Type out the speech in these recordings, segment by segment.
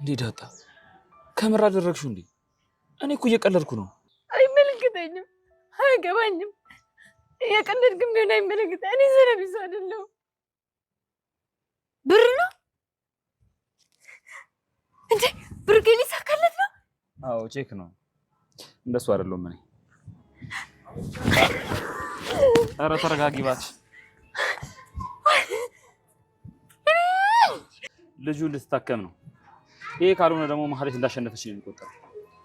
እንዴ ዳጣ ከምር አደረግሽው እንዴ? እኔ እኮ እየቀለድኩ ነው። አይመለከተኝም፣ አያገባኝም። እየቀለድክም ቢሆን አይመለከተ እኔ ዘረቢስ አይደለሁ። ብር ነው እንዴ? ብር ግን ይሳካለት ነው። አዎ ቼክ ነው። እንደሱ አይደለሁም እኔ። ኧረ ተረጋጊ እባክሽ። ልጁ ልትታከም ነው ይሄ ካልሆነ ደግሞ ማህሌት እንዳሸነፈች ነው የሚቆጠረው።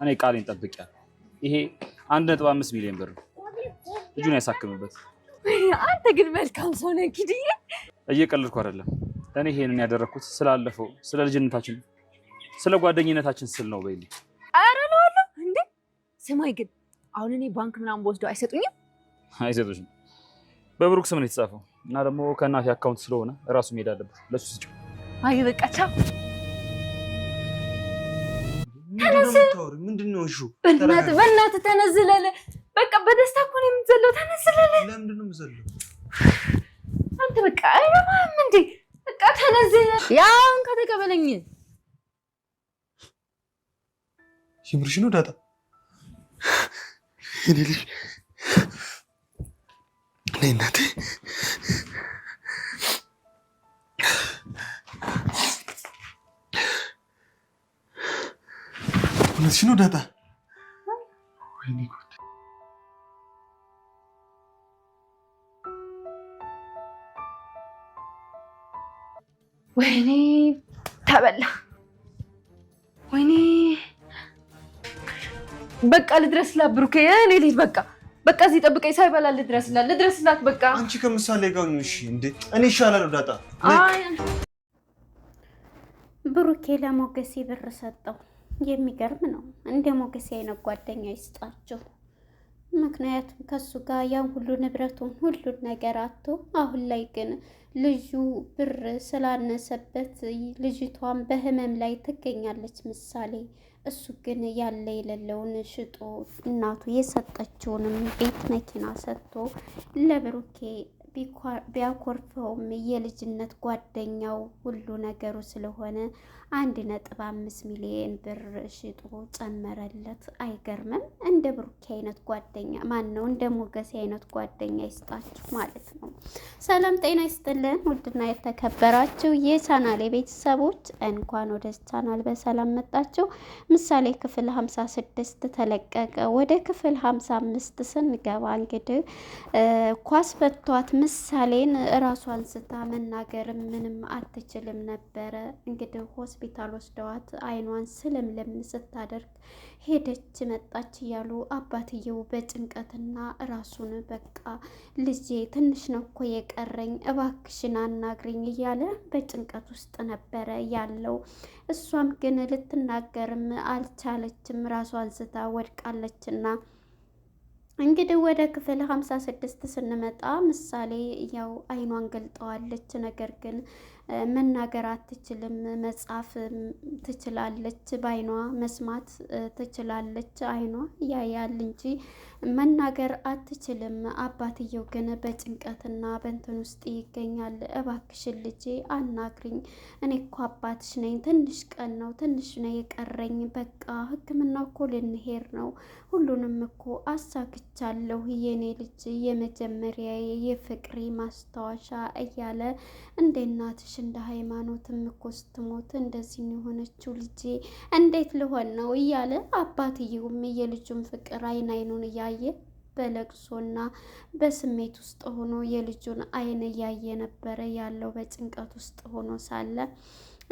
እኔ ቃሌን ጠብቄያለሁ። ይሄ አንድ ነጥብ አምስት ሚሊዮን ብር ነው። ልጁን ያሳክምበት። አንተ ግን መልካም ሰው ነህ ኪድዬ። እየቀለድኩ አይደለም። እኔ ይሄንን ያደረግኩት ስላለፈው፣ ስለ ልጅነታችን፣ ስለ ጓደኝነታችን ስል ነው። በይ ኧረ እለዋለሁ እንዴ። ስማይ ግን አሁን እኔ ባንክ ምናምን በወስደው አይሰጡኝም? አይሰጡሽም። በብሩክ ስም ነው የተጻፈው እና ደግሞ ከእናቴ አካውንት ስለሆነ እራሱ መሄድ አለበት። ለሱ ስጭው። አይ በቃ ቻው። በእናትህ ተነስ እለለ በቃ በደስታ እኮ ነው የምትዘለው። ተነስ እለለ አንተ በቃ አይረባህም እንዴ? በቃ ተነስ ያውን ከተቀበለኝ የምርሽ ነው ዳጣ እኔ ልጅ ነይ እናቴ እውነትሽ ነው ዳጣ? ወይኔ ጉድ! ወይኔ ተበላ! ወይኔ በቃ ልድረስላት ብሩኬ፣ እኔ ልሂድ በቃ በቃ እዚህ ጠብቀኝ፣ ሳይበላ ልድረስላት፣ ልድረስላት በቃ። አንቺ ከምሳሌ ጋር ነሽ እንዴ? እኔ ይሻላል ዳጣ። ብሩኬ ለሞገሴ ብር ሰጠው። የሚገርም ነው። እንደ ሞገሴ አይነት ጓደኛ ይስጣችሁ። ምክንያቱም ከሱ ጋር ያን ሁሉ ንብረቱን ሁሉን ነገር አቶ አሁን ላይ ግን ልጁ ብር ስላነሰበት ልጅቷን በህመም ላይ ትገኛለች ምሳሌ። እሱ ግን ያለ የሌለውን ሽጦ እናቱ የሰጠችውንም ቤት መኪና ሰጥቶ ለብሩኬ ቢያኮርፈውም የልጅነት ጓደኛው ሁሉ ነገሩ ስለሆነ አንድ ነጥብ አምስት ሚሊዮን ብር ሽጦ ጨመረለት። አይገርምም? እንደ ብሩኬ አይነት ጓደኛ ማን ነው? እንደ ሞገሴ አይነት ጓደኛ ይስጣችሁ ማለት ነው። ሰላም ጤና ይስጥልን። ውድና የተከበራችሁ የቻናል ቤተሰቦች እንኳን ወደ ቻናል በሰላም መጣችሁ። ምሳሌ ክፍል ሀምሳ ስድስት ተለቀቀ። ወደ ክፍል ሀምሳ አምስት ስንገባ እንግዲህ ኳስ በቷት ምሳሌን እራሷን ስታ መናገርም ምንም አትችልም ነበረ። እንግዲህ ሆስፒታል ወስደዋት አይኗን ስለምለም ስታደርግ ሄደች መጣች እያሉ አባትየው በጭንቀትና ራሱን በቃ ልጄ ትንሽ ነው እኮ የቀረኝ እባክሽን አናግርኝ እያለ በጭንቀት ውስጥ ነበረ ያለው። እሷም ግን ልትናገርም አልቻለችም። ራሷን ስታ ወድቃለችና እንግዲህ ወደ ክፍል 56 ስድስት ስንመጣ ምሳሌ ያው አይኗን ገልጠዋለች። ነገር ግን መናገር አትችልም፣ መጻፍ ትችላለች፣ ባይኗ መስማት ትችላለች፣ አይኗ ያያል እንጂ መናገር አትችልም። አባትየው ግን በጭንቀትና በእንትን ውስጥ ይገኛል። እባክሽ ልጄ አናግሪኝ፣ እኔ እኮ አባትሽ ነኝ። ትንሽ ቀን ነው ትንሽ ነው የቀረኝ። በቃ ሕክምና እኮ ልንሄድ ነው። ሁሉንም እኮ አሳክቻለሁ። የኔ ልጅ የመጀመሪያ የፍቅሪ ማስታወሻ እያለ እንዴ እናትሽ እንደ ሃይማኖትም እኮ ስትሞት እንደዚህ የሆነችው ልጄ እንዴት ልሆን ነው እያለ አባትየውም የልጁን ፍቅር አይን አይኑን እያየ በለቅሶና በስሜት ውስጥ ሆኖ የልጁን አይን እያየ ነበረ ያለው በጭንቀት ውስጥ ሆኖ ሳለ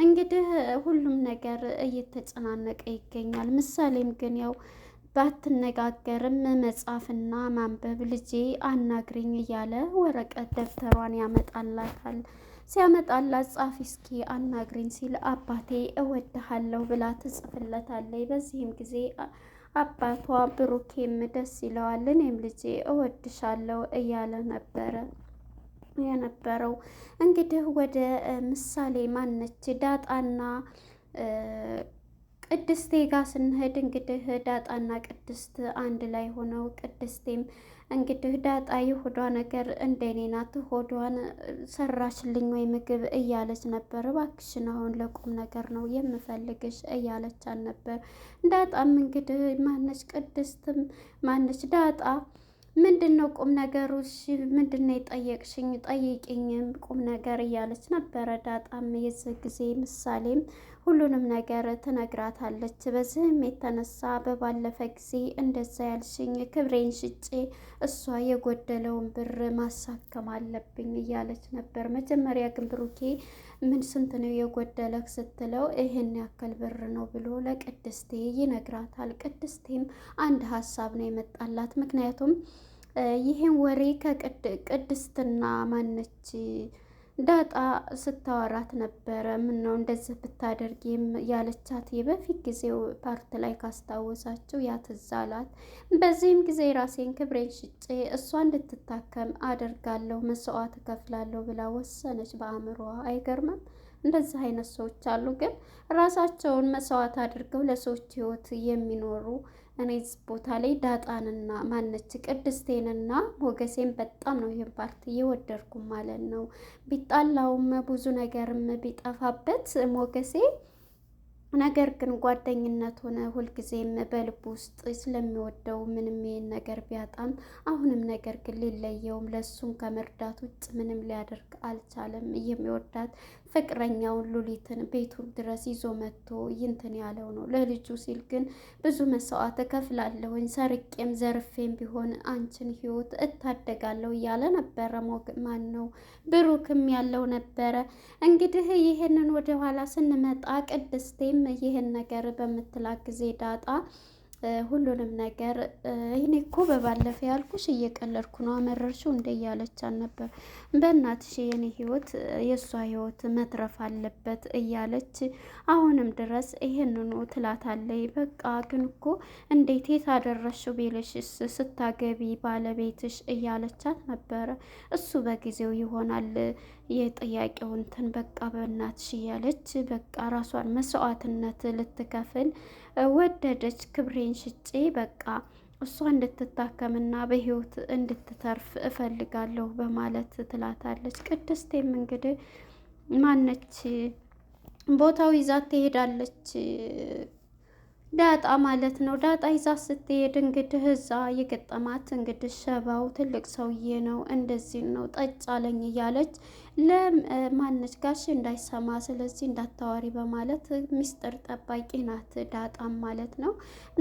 እንግዲህ ሁሉም ነገር እየተጨናነቀ ይገኛል። ምሳሌም ግን ያው ባትነጋገርም መጻፍና ማንበብ ልጄ አናግሪኝ እያለ ወረቀት ደብተሯን ያመጣላታል። ሲያመጣላት ጻፊ እስኪ አናግሪኝ ሲል አባቴ እወድሃለሁ ብላ ትጽፍለታለች። በዚህም ጊዜ አባቷ ብሩኬም ደስ ይለዋል። እኔም ልጄ እወድሻለሁ እያለ ነበረ የነበረው እንግዲህ ወደ ምሳሌ ማነች ዳጣና ቅድስቴ ጋር ስንሄድ እንግዲህ ዳጣና ቅድስት አንድ ላይ ሆነው ቅድስቴም እንግዲህ ዳጣ የሆዷ ነገር እንደኔ ናት፣ ሆዷን ሰራችልኝ ወይ ምግብ እያለች ነበር። እባክሽን አሁን ለቁም ነገር ነው የምፈልግሽ እያለቻት ነበር። ዳጣም እንግዲህ ማነች ቅድስትም ማነች ዳጣ ምንድን ነው ቁም ነገሩ? እሺ ምንድን ነው የጠየቅሽኝ? ጠይቂኝም ቁም ነገር እያለች ነበረ። ዳጣም የዚህ ጊዜ ምሳሌም ሁሉንም ነገር ትነግራታለች። በዚህም የተነሳ በባለፈ ጊዜ እንደዛ ያልሽኝ ክብሬን ሽጬ እሷ የጎደለውን ብር ማሳከም አለብኝ እያለች ነበር። መጀመሪያ ግን ብሩኬ ምን ስንት ነው የጎደለህ ስትለው ይህን ያክል ብር ነው ብሎ ለቅድስቴ ይነግራታል። ቅድስቴም አንድ ሀሳብ ነው የመጣላት። ምክንያቱም ይህን ወሬ ከቅድስትና ማነች ዳጣ ስታወራት ነበረ። ምን ነው እንደዚህ ብታደርግ ያለቻት የበፊት ጊዜው ፓርት ላይ ካስታወሳችው ያትዛላት። በዚህም ጊዜ ራሴን ክብሬን ሽጬ እሷ እንድትታከም አደርጋለሁ፣ መስዋዕት እከፍላለሁ ብላ ወሰነች በአእምሮዋ። አይገርምም? እንደዚህ አይነት ሰዎች አሉ፣ ግን ራሳቸውን መስዋዕት አድርገው ለሰዎች ህይወት የሚኖሩ እኔ ቦታ ላይ ዳጣንና ማነች ቅድስቴንና ሞገሴን በጣም ነው ይህን ፓርት እየወደድኩ ማለት ነው። ቢጣላውም ብዙ ነገርም ቢጠፋበት ሞገሴ ነገር ግን ጓደኝነት ሆነ ሁልጊዜም በልብ ውስጥ ስለሚወደው ምንም ይህን ነገር ቢያጣም አሁንም ነገር ግን ሊለየውም ለእሱም ከመርዳት ውጭ ምንም ሊያደርግ አልቻለም። የሚወዳት ፍቅረኛውን ሉሊትን ቤቱ ድረስ ይዞ መጥቶ ይንትን ያለው ነው። ለልጁ ሲል ግን ብዙ መስዋዕት እከፍላለሁኝ፣ ሰርቄም ዘርፌም ቢሆን አንቺን ህይወት እታደጋለሁ እያለ ነበረ። ማን ነው ብሩክም ያለው ነበረ። እንግዲህ ይህንን ወደኋላ ስንመጣ ቅድስቴም ይህን ነገር በምትላክ ጊዜ ዳጣ ሁሉንም ነገር እኔ እኮ በባለፈ ያልኩሽ እየቀለድኩ ነው አመረርሽው እንደ እያለች አልነበር። በእናትሽ የኔ ህይወት የእሷ ህይወት መትረፍ አለበት እያለች አሁንም ድረስ ይህንኑ ትላታለይ። በቃ ግን እኮ እንዴት የታደረሽው ቤለሽስ ስታገቢ ባለቤትሽ እያለቻት ነበረ። እሱ በጊዜው ይሆናል የጥያቄው እንትን በቃ በእናትሽ እያለች በቃ ራሷን መስዋዕትነት ልትከፍል ወደደች። ክብሬን ሽጬ በቃ እሷ እንድትታከምና በህይወት እንድትተርፍ እፈልጋለሁ በማለት ትላታለች። ቅድስቴም እንግዲህ ማነች ቦታው ይዛት ትሄዳለች። ዳጣ ማለት ነው። ዳጣ ይዛት ስትሄድ እንግዲህ እዛ የገጠማት እንግዲህ ሸባው ትልቅ ሰውዬ ነው፣ እንደዚህ ነው ጠጭ አለኝ እያለች ለማነች ጋሽ እንዳይሰማ ስለዚህ እንዳታዋሪ በማለት ሚስጥር ጠባቂ ናት ዳጣም ማለት ነው።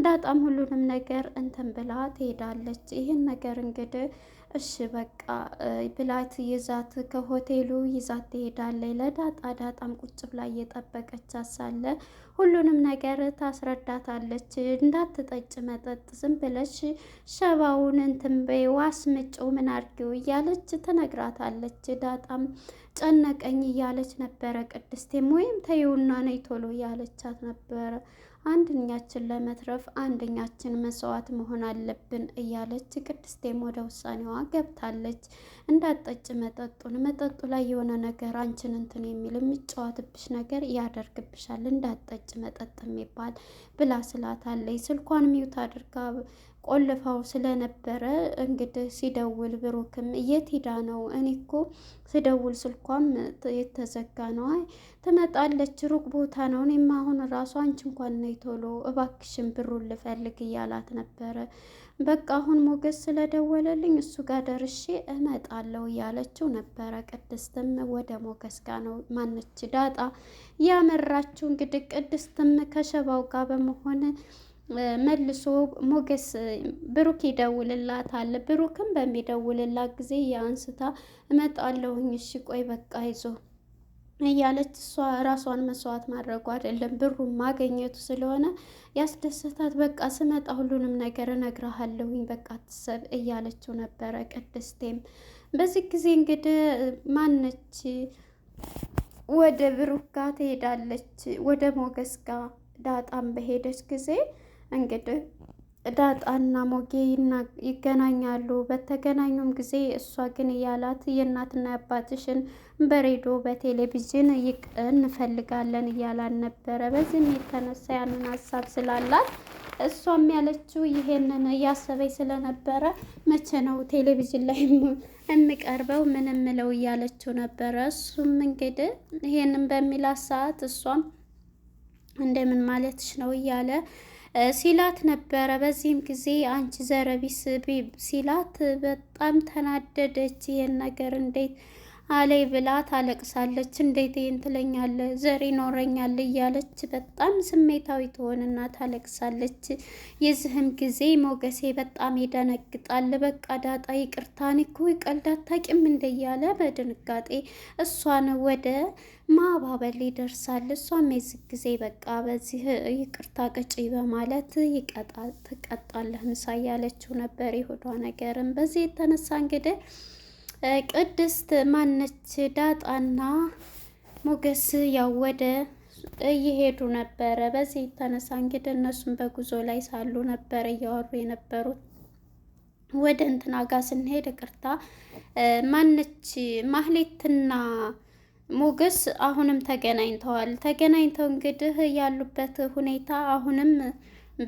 ዳጣም ሁሉንም ነገር እንትን ብላ ትሄዳለች። ይህን ነገር እንግዲህ እሺ በቃ ብላት ይዛት ከሆቴሉ ይዛት ትሄዳለች። ለዳጣ ዳጣም ቁጭ ብላ እየጠበቀች ሳለ ሁሉንም ነገር ታስረዳታለች። እንዳትጠጭ መጠጥ ዝም ብለሽ ሸባውን እንትን በይ ዋስ ምጭው ምን አድርጊው እያለች ትነግራታለች ዳጣም ጨነቀኝ እያለች ነበረ። ቅድስቴም ወይም ተይውና ነይ ቶሎ እያለቻት ነበረ። አንድኛችን ለመትረፍ አንደኛችን መስዋዕት መሆን አለብን እያለች ቅድስቴም ወደ ውሳኔዋ ገብታለች። እንዳጠጭ መጠጡን መጠጡ ላይ የሆነ ነገር አንቺን እንትን የሚል የሚጫወትብሽ ነገር ያደርግብሻል እንዳጠጭ መጠጥ የሚባል ብላ ስላታለች። ስልኳን ሚውት አድርጋ ቆልፈው ስለነበረ እንግዲህ ሲደውል ብሩክም የት ነው? እኔ እኮ ስልኳም የተዘጋ ነው። አይ ትመጣለች፣ ሩቅ ቦታ ነው። እኔም አሁን ራሱ አንቺ እንኳን ነይ ቶሎ እባክሽን ብሩን ልፈልግ እያላት ነበረ። በቃ አሁን ሞገስ ስለደወለልኝ እሱ ጋር ደርሼ እመጣለሁ እያለችው ነበረ። ቅድስትም ወደ ሞገስ ጋር ነው ማነች ዳጣ ያመራችው። እንግዲህ ቅድስትም ከሸባው ጋር በመሆን መልሶ ሞገስ ብሩክ ይደውልላታል። ብሩክም በሚደውልላት ጊዜ የአንስታ እመጣለሁኝ እሺ ቆይ በቃ ይዞ እያለች እሷ ራሷን መስዋዕት ማድረጉ አይደለም ብሩን ማገኘቱ ስለሆነ ያስደሰታት። በቃ ስመጣ ሁሉንም ነገር እነግርሃለሁኝ በቃ ትሰብ እያለችው ነበረ ቅድስቴም። በዚህ ጊዜ እንግዲህ ማነች ወደ ብሩክ ጋር ትሄዳለች። ወደ ሞገስ ጋር ዳጣም በሄደች ጊዜ እንግዲህ ዳጣና ሞጌ ይገናኛሉ። በተገናኙም ጊዜ እሷ ግን እያላት የእናትና አባትሽን በሬዲዮ በቴሌቪዥን እንፈልጋለን እያላን ነበረ። በዚህም የተነሳ ያንን ሀሳብ ስላላት እሷም ያለችው ይሄንን እያሰበኝ ስለነበረ መቼ ነው ቴሌቪዥን ላይ የምቀርበው ምን ምለው እያለችው ነበረ። እሱም እንግዲህ ይሄንን በሚላት ሰዓት እሷም እንደምን ማለትሽ ነው እያለ ሲላት ነበረ። በዚህም ጊዜ አንቺ ዘረቢስ ሲላት በጣም ተናደደች። ይህን ነገር እንዴት አለይ ብላ ታለቅሳለች። እንዴት ይህን ትለኛለ ዘር ይኖረኛል እያለች በጣም ስሜታዊ ትሆንና ታለቅሳለች። የዚህም ጊዜ ሞገሴ በጣም ይደነግጣል። በቃ ዳጣ ይቅርታን እኮ ይቀልድ አታውቂም እንደ እያለ በድንጋጤ እሷን ወደ ማባበል ይደርሳል። እሷም የዚህ ጊዜ በቃ በዚህ ይቅርታ ቅጪ በማለት ትቀጣለህ ምሳ እያለችው ነበር። የሆዷ ነገርም በዚህ የተነሳ እንግዲህ ቅድስት ማነች ዳጣና ሞገስ ያው ወደ እየሄዱ ነበረ። በዚህ የተነሳ እንግዲህ እነሱም በጉዞ ላይ ሳሉ ነበር እያወሩ የነበሩት። ወደ እንትና ጋር ስንሄድ ቅርታ ማነች ማህሌትና ሞገስ አሁንም ተገናኝተዋል። ተገናኝተው እንግዲህ ያሉበት ሁኔታ አሁንም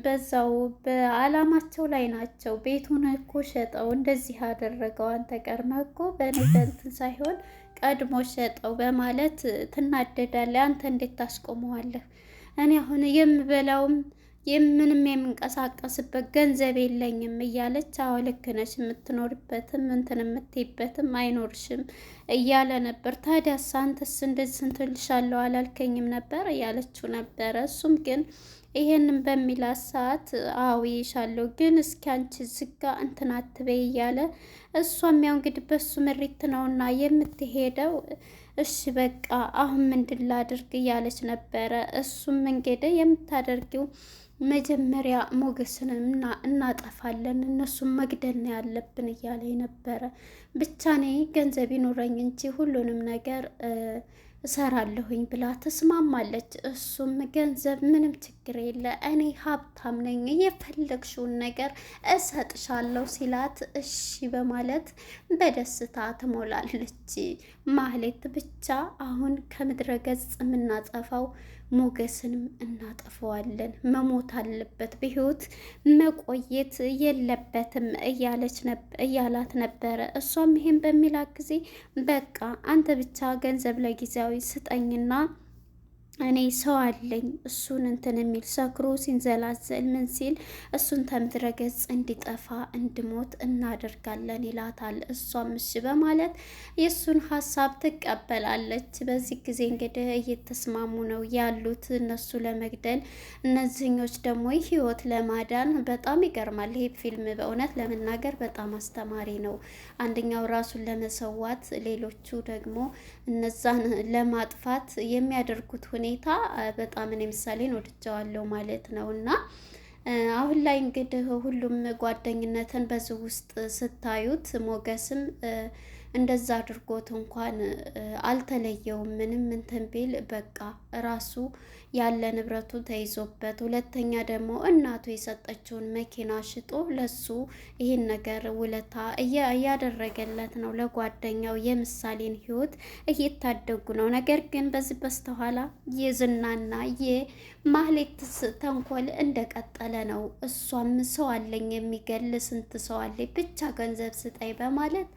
በዛው በአላማቸው ላይ ናቸው። ቤቱን እኮ ሸጠው እንደዚህ አደረገው አንተ ቀድመህ እኮ በእኔ ሳይሆን ቀድሞ ሸጠው በማለት ትናደዳለህ። አንተ እንዴት ታስቆመዋለህ? እኔ አሁን የምበላውም የምንም የምንቀሳቀስበት ገንዘብ የለኝም እያለች አዎ ልክ ነሽ የምትኖርበትም እንትን የምትይበትም አይኖርሽም እያለ ነበር። ታዲያ አንተስ እንደዚህ እንትልሻለሁ አላልከኝም ነበር እያለችው ነበረ። እሱም ግን ይሄንን በሚላት ሰዓት አዎ ይሻለሁ ግን እስኪ አንቺ ዝጋ እንትን አትበይ እያለ እሷም ያው እንግዲህ በሱ ምሪት ነውና የምትሄደው እሺ በቃ አሁን ምንድን ላድርግ እያለች ነበረ። እሱም መንገደ የምታደርጊው መጀመሪያ ሞገስን እናጠፋለን እነሱም መግደል ያለብን እያለ ነበረ። ብቻ እኔ ገንዘብ ይኖረኝ እንጂ ሁሉንም ነገር እሰራለሁኝ ብላ ተስማማለች። እሱም ገንዘብ ምንም ችግር የለ እኔ ሀብታም ነኝ የፈለግሽውን ነገር እሰጥሻለሁ ሲላት እሺ በማለት በደስታ ትሞላለች። ማህሌት ብቻ አሁን ከምድረ ገጽ የምናጠፋው ሞገስንም እናጠፈዋለን። መሞት አለበት፣ በህይወት መቆየት የለበትም እያለች እያላት ነበረ። እሷም ይሄን በሚላት ጊዜ በቃ አንተ ብቻ ገንዘብ ለጊዜያዊ ስጠኝና እኔ ሰው አለኝ እሱን እንትን የሚል ሰክሮ ሲንዘላዘል ምን ሲል እሱን ከምድረ እንዲጠፋ እንዲሞት እናደርጋለን ይላታል። እሷም እሺ በማለት የእሱን ሀሳብ ትቀበላለች። በዚህ ጊዜ እንግዲህ እየተስማሙ ነው ያሉት እነሱ ለመግደል፣ እነዚህኞች ደግሞ ህይወት ለማዳን። በጣም ይገርማል ይሄ ፊልም በእውነት ለመናገር በጣም አስተማሪ ነው። አንደኛው ራሱን ለመሰዋት፣ ሌሎቹ ደግሞ እነዛን ለማጥፋት የሚያደርጉት ሁኔ ሁኔታ በጣም እኔ ምሳሌን ወድጀዋለሁ ማለት ነው እና አሁን ላይ እንግዲህ ሁሉም ጓደኝነትን በዚህ ውስጥ ስታዩት ሞገስም እንደዛ አድርጎት እንኳን አልተለየውም። ምንም እንትን ቢል በቃ ራሱ ያለ ንብረቱ ተይዞበት፣ ሁለተኛ ደግሞ እናቱ የሰጠችውን መኪና ሽጦ ለሱ ይህን ነገር ውለታ እያደረገለት ነው። ለጓደኛው የምሳሌን ህይወት እየታደጉ ነው። ነገር ግን በዚህ በስተኋላ የዝናና የማህሌት ተንኮል እንደቀጠለ ነው። እሷም ሰው አለኝ የሚገል ስንት ሰው አለኝ ብቻ ገንዘብ ስጠይ በማለት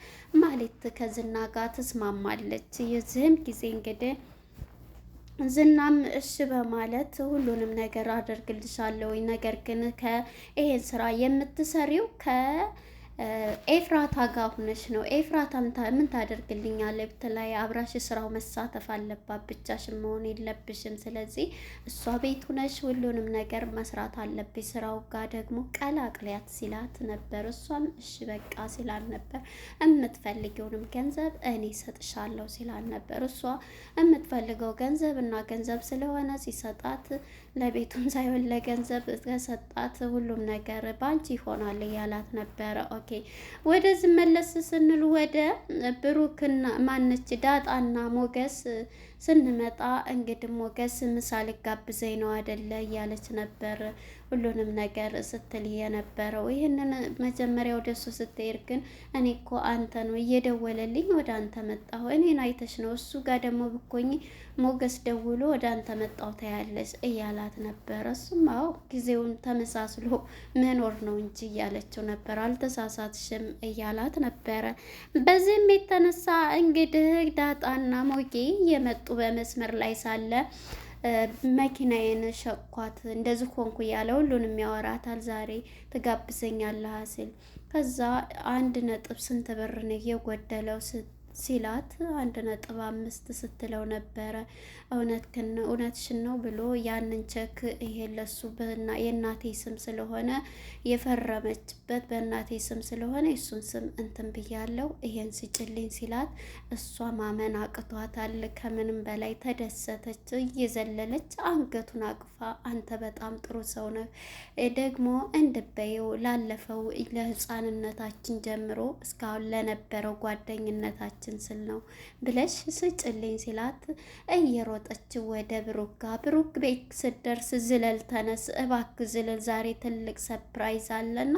ማህሌት ከዝና ጋር ትስማማለች። የዚህም ጊዜ እንግዲህ ዝናም እሺ በማለት ሁሉንም ነገር አደርግልሻለሁ፣ ነገር ግን ከይሄን ስራ የምትሰሪው ከ ኤፍራታ ጋር ሁነሽ ነው። ኤፍራታ ምን ታደርግልኛለህ ብትላይ አብራሽ ስራው መሳተፍ አለባት፣ ብቻሽን መሆን የለብሽም። ስለዚህ እሷ ቤት ሁነሽ ሁሉንም ነገር መስራት አለብሽ፣ ስራው ጋር ደግሞ ቀላቅሊያት ሲላት ነበር። እሷም እሺ በቃ ሲላል ነበር። የምትፈልጊውንም ገንዘብ እኔ ሰጥሻለሁ ሲላል ነበር። እሷ የምትፈልገው ገንዘብ እና ገንዘብ ስለሆነ ሲሰጣት ለቤቱም ሳይሆን ለገንዘብ ከሰጣት ሁሉም ነገር ባንቺ ይሆናል እያላት ነበረ። ኦኬ። ወደዚህ መለስ ስንል ወደ ብሩክና ማነች ዳጣና ሞገስ ስንመጣ እንግዲህ ሞገስ ምሳ ልጋብዘኝ ነው አደለ እያለች ነበር ሁሉንም ነገር ስትል የነበረው ይህንን መጀመሪያ ወደ እሱ ስትሄድ ግን እኔ እኮ አንተ ነው እየደወለልኝ ወደ አንተ መጣሁ፣ እኔን አይተሽ ነው እሱ ጋር ደግሞ ብኮኝ ሞገስ ደውሎ ወደ አንተ መጣሁ ታያለች እያላት ነበረ። እሱም አዎ ጊዜውን ተመሳስሎ መኖር ነው እንጂ እያለችው ነበር። አልተሳሳትሽም እያላት ነበረ። በዚህም የተነሳ እንግዲህ ዳጣና ሞጌ የመጡ በመስመር ላይ ሳለ መኪናዬን ሸቅኳት እንደዚህ ኮንኩ እያለ ሁሉንም ያወራታል። ዛሬ ትጋብዘኛለህ ሲል ከዛ አንድ ነጥብ ስንት ብር ነው የጎደለው ሲላት አንድ ነጥብ አምስት ስትለው ነበረ። እውነትሽን ነው ብሎ ያንን ቸክ ይሄ ለሱ የእናቴ ስም ስለሆነ የፈረመችበት በእናቴ ስም ስለሆነ የእሱን ስም እንትን ብያለው ይሄን ስጭልኝ ሲላት እሷ ማመን አቅቷታል። ከምንም በላይ ተደሰተች። እየዘለለች አንገቱን አቅፋ አንተ በጣም ጥሩ ሰው ነው ደግሞ እንድበየው ላለፈው ለህፃንነታችን ጀምሮ እስካሁን ለነበረው ጓደኝነታችን ራሳችን ስል ነው ብለሽ ስጭልኝ ሲላት እየሮጠች ወደ ብሩክ ጋር ብሩክ ቤት ስደርስ ዝለል ተነስ እባክ ዝለል፣ ዛሬ ትልቅ ሰፕራይዝ አለና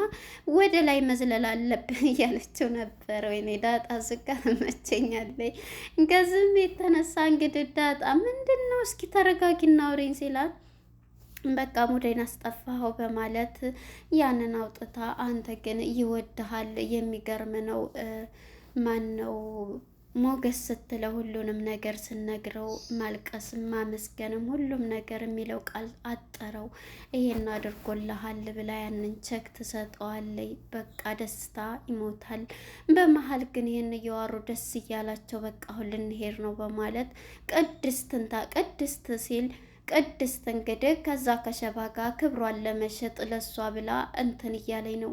ወደ ላይ መዝለል አለብን እያለችው ነበር። ወይኔ ዳጣ ስጋ መቸኛለይ ከዚህም የተነሳ እንግዲህ ዳጣ ምንድን ነው እስኪ ተረጋጊና አውሪኝ ሲላት በቃ ሙዴን አስጠፋኸው በማለት ያንን አውጥታ አንተ ግን ይወድሃል የሚገርም ነው ነው ሞገስ ስትለው ሁሉንም ነገር ስነግረው ማልቀስም ማመስገንም ሁሉም ነገር የሚለው ቃል አጠረው። ይሄን አድርጎልሃል ብላ ያንን ቸክ ትሰጠዋለይ። በቃ ደስታ ይሞታል። በመሀል ግን ይህን እየዋሩ ደስ እያላቸው በቃ አሁን ልንሄድ ነው በማለት ቅድስትንታ ታ ቅድስት ሲል ቅድስት እንግዲህ ከዛ ከሸባ ጋር ክብሯን ለመሸጥ ለሷ ብላ እንትን እያለኝ ነው።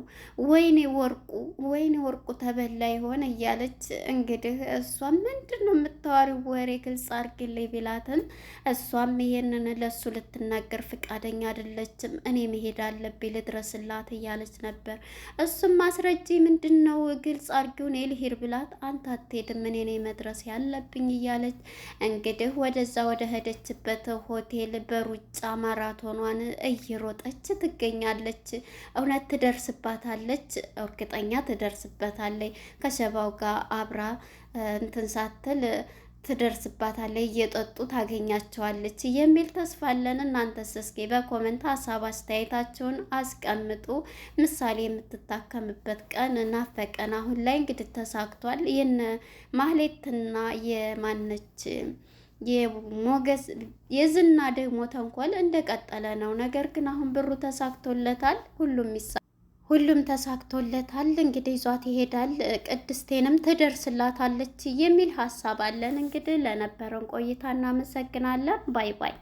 ወይኔ ወርቁ ወይኔ ወርቁ ተበላ ይሆን እያለች እንግዲህ እሷም ምንድን ነው የምታወሪው ወሬ ግልጽ አርግልኝ ቢላትን፣ እሷም ይሄንን ለሱ ልትናገር ፍቃደኛ አይደለችም። እኔ መሄድ አለብኝ ልድረስላት እያለች ነበር። እሱም ማስረጂ ምንድን ነው ግልጽ አርጊው፣ እኔ ልሄድ ብላት አንተ አትሄድም እኔ ነኝ መድረስ ያለብኝ እያለች እንግዲህ ወደዛ ወደ ሄደችበት ሆቴል ስትል በሩጫ ማራቶኗን እየሮጠች ትገኛለች። እውነት ትደርስባታለች፣ እርግጠኛ ትደርስበታለች። ከሸባው ጋር አብራ እንትን ሳትል ትደርስባታለች። እየጠጡ ታገኛቸዋለች የሚል ተስፋ አለን። እናንተስ እስኪ በኮመንት ሀሳብ አስተያየታችሁን አስቀምጡ። ምሳሌ የምትታከምበት ቀን እናፈቀን። አሁን ላይ እንግዲህ ተሳክቷል። ይህን ማህሌትና የማነች የሞገስ የዝና ደግሞ ተንኮል እንደቀጠለ ነው። ነገር ግን አሁን ብሩ ተሳክቶለታል። ሁሉም ይሳ ሁሉም ተሳክቶለታል። እንግዲህ ይዟት ይሄዳል። ቅድስቴንም ትደርስላታለች የሚል ሀሳብ አለን። እንግዲህ ለነበረን ቆይታ እናመሰግናለን። ባይ ባይ